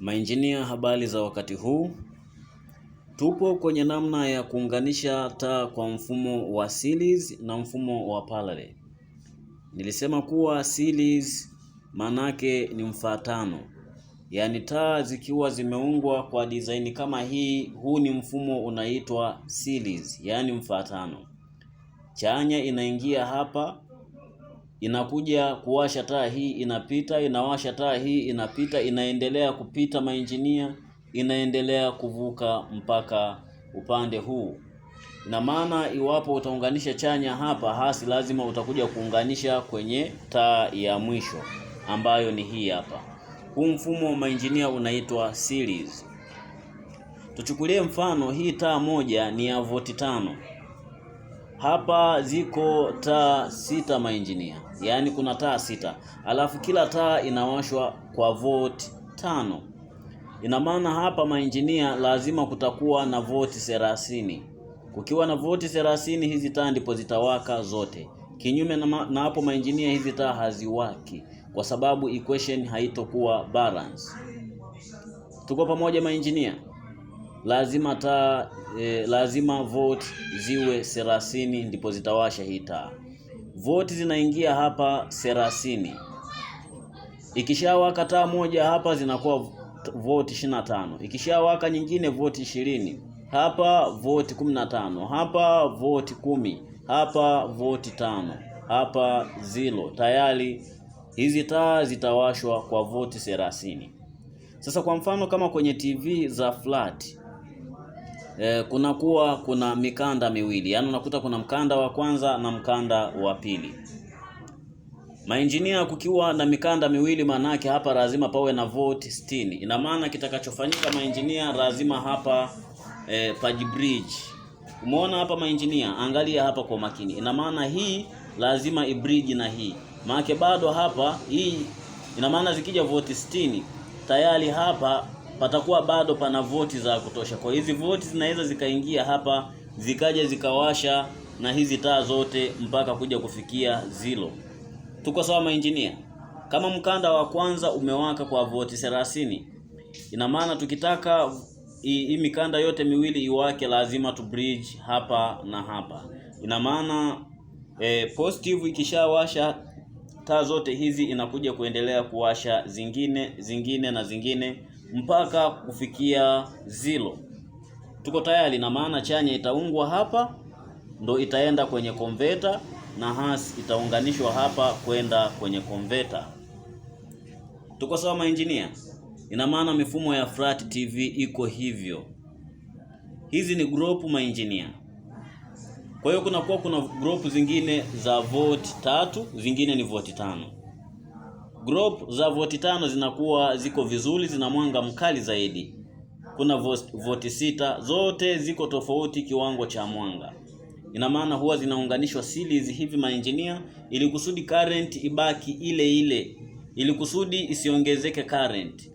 Mainjinia, habari za wakati huu. Tupo kwenye namna ya kuunganisha taa kwa mfumo wa series na mfumo wa parallel. Nilisema kuwa series manake ni mfatano, yaani taa zikiwa zimeungwa kwa design kama hii, huu ni mfumo unaitwa series, yaani mfatano. Chanya inaingia hapa, inakuja kuwasha taa hii, inapita inawasha taa hii, inapita inaendelea kupita mainjinia, inaendelea kuvuka mpaka upande huu. Ina maana iwapo utaunganisha chanya hapa hasi, lazima utakuja kuunganisha kwenye taa ya mwisho ambayo ni hii hapa. Huu mfumo wa mainjinia unaitwa series. Tuchukulie mfano hii taa moja ni ya voti tano. Hapa ziko taa sita mainjinia, yaani kuna taa sita, alafu kila taa inawashwa kwa volt tano. Ina maana hapa mainjinia, lazima kutakuwa na voti thelathini. Kukiwa na voti thelathini, hizi taa ndipo zitawaka zote. Kinyume na hapo mainjinia, hizi taa haziwaki kwa sababu equation haitokuwa balance. Tuko pamoja mainjinia? lazima ta e, lazima volt ziwe thelathini ndipo zitawasha hii taa. Volt zinaingia hapa thelathini, ikishawaka taa moja hapa zinakuwa volt 25, ikishawaka nyingine volt 20, hapa volt 15, hapa volt 10, hapa volt 5, hapa zero. Tayari hizi taa zitawashwa kwa volt 30. Sasa kwa mfano kama kwenye TV za flat e, kunakuwa kuna mikanda miwili, yaani unakuta kuna mkanda wa kwanza na mkanda wa pili. Mainjinia kukiwa na mikanda miwili, maanake hapa lazima pawe na volt 60. Ina maana kitakachofanyika mainjinia, lazima hapa e, eh, page bridge. Umeona hapa mainjinia, angalia hapa kwa makini. Ina maana hii lazima ibridge na hii, maana bado hapa hii, ina maana zikija volt 60 tayari hapa patakuwa bado pana voti za kutosha. Kwa hizi voti zinaweza zikaingia hapa zikaja zikawasha na hizi taa zote mpaka kuja kufikia zilo. Tuko sawa mainjinia? Kama mkanda wa kwanza umewaka kwa voti 30, ina maana tukitaka hii mikanda yote miwili iwake lazima tu bridge hapa na hapa. Ina maana e, positive ikishawasha taa zote hizi inakuja kuendelea kuwasha zingine zingine na zingine mpaka kufikia zilo. Tuko tayari na maana chanya itaungwa hapa ndo itaenda kwenye konveta na hasi itaunganishwa hapa kwenda kwenye konveta. Tuko sawa maengineer? Ina maana mifumo ya Flat TV iko hivyo. Hizi ni group maengineer. Kwa hiyo kunakuwa kuna, kuna group zingine za volt tatu, zingine ni volt tano. Group za voti tano zinakuwa ziko vizuri, zina mwanga mkali zaidi. Kuna voti sita, zote ziko tofauti kiwango cha mwanga. Ina maana huwa zinaunganishwa series hivi maengineer, ili kusudi current ibaki ile ile, ili kusudi isiongezeke current.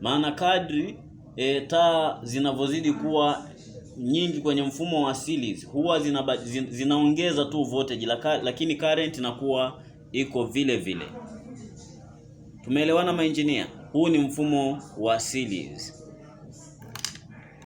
Maana kadri e, taa zinavyozidi kuwa nyingi kwenye mfumo wa series huwa zina, zinaongeza tu voltage, lakini current inakuwa iko vile vile. Tumeelewana maengineer? Huu ni mfumo wa series.